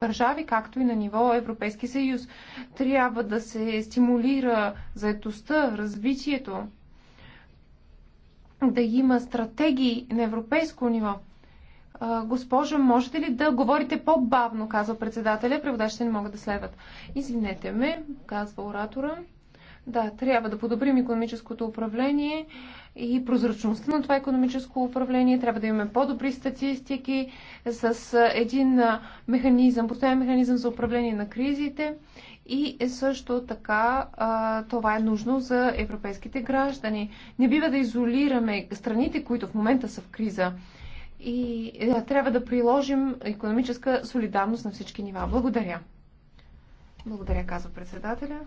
държави, както и на ниво Европейски съюз. Трябва да се стимулира заедостта, развитието, да има стратегии на европейско ниво. Госпожо, можете ли да говорите по-бавно, казва председателя, преводачите не могат да следват. Извинете ме, казва оратора. Да, трябва да подобрим економическото управление и прозрачността на това економическо управление. Трябва да имаме по-добри статистики с един механизъм, постоянен механизъм за управление на кризите. И също така това е нужно за европейските граждани. Не бива да изолираме страните, които в момента са в криза. И да, трябва да приложим економическа солидарност на всички нива. Благодаря. Благодаря, казва председателя.